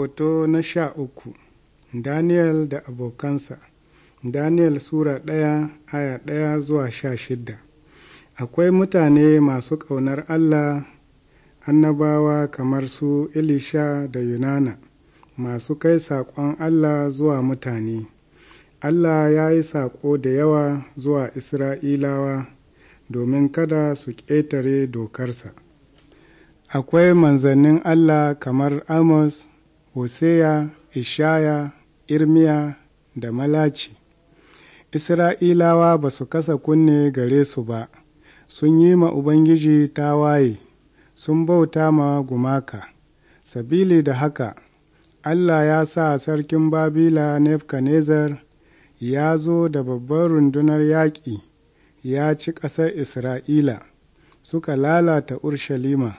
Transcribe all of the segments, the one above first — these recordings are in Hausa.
Hoto na sha uku Daniel da abokansa Daniel Sura ɗaya aya ɗaya zuwa sha shidda Akwai mutane masu ƙaunar Allah annabawa kamar su Elisha da Yunana masu kai saƙon Allah zuwa mutane. Allah ya yi saƙo da yawa zuwa Isra'ilawa domin kada su ƙetare dokarsa. Akwai manzannin Allah kamar Amos Hosea, Ishaya, Irmiya da malachi. Isra'ilawa ba su kasa kunne gare su ba, sun yi ma Ubangiji tawaye, sun bauta ma gumaka. Sabili da haka, Allah ya sa sarkin Babila Nebuchadnezzar ya zo da babbar rundunar yaƙi ya ci ƙasar Isra'ila, suka lalata Urshalima,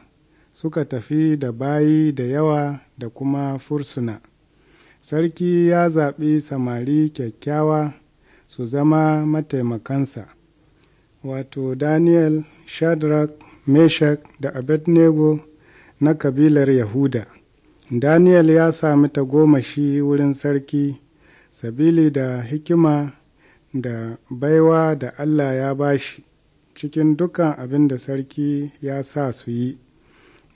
suka tafi da bayi da yawa da kuma fursuna sarki ya zaɓi samari kyakkyawa su zama mataimakansa wato daniel shadrach meshach da abednego na kabilar yahuda daniel ya sami tagomashi wurin sarki sabili da hikima da baiwa da allah ya bashi cikin dukan abin da sarki ya sa su yi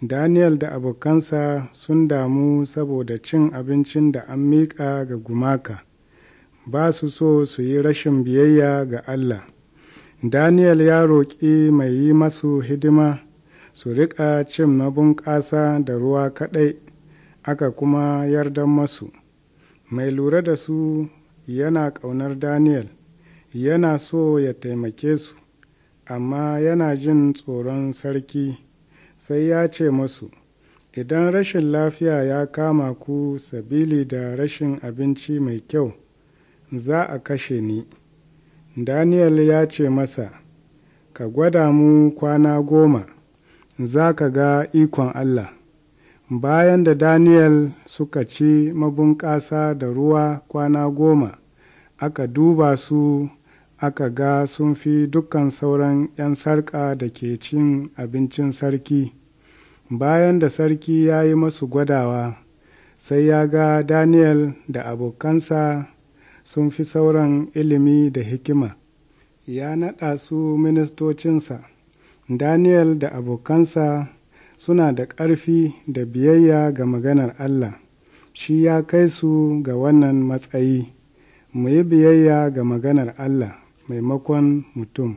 Daniel da abokansa sun damu saboda cin abincin da an miƙa ga gumaka, ba su so su yi rashin biyayya ga Allah. Daniel ya roƙi mai yi masu hidima su riƙa cin na bunƙasa da ruwa kaɗai, aka kuma yarda masu. Mai lura da su yana ƙaunar Daniel, yana so ya taimake su, amma yana jin tsoron sarki. sai ya ce masu idan rashin lafiya ya kama ku sabili da rashin abinci mai kyau za a kashe ni daniel ya ce masa ka gwada mu kwana goma za ka ga ikon allah bayan da daniel suka ci mabunƙasa da ruwa kwana goma aka duba su aka ga sun fi dukkan sauran 'yan sarƙa da ke cin abincin sarki bayan da sarki ya yi masu gwadawa sai ya ga daniel da abokansa sun fi sauran ilimi da hikima ya naɗa su ministocinsa daniel da abokansa suna da ƙarfi da biyayya ga maganar allah shi ya kai su ga wannan matsayi mu yi biyayya ga maganar allah maimakon mutum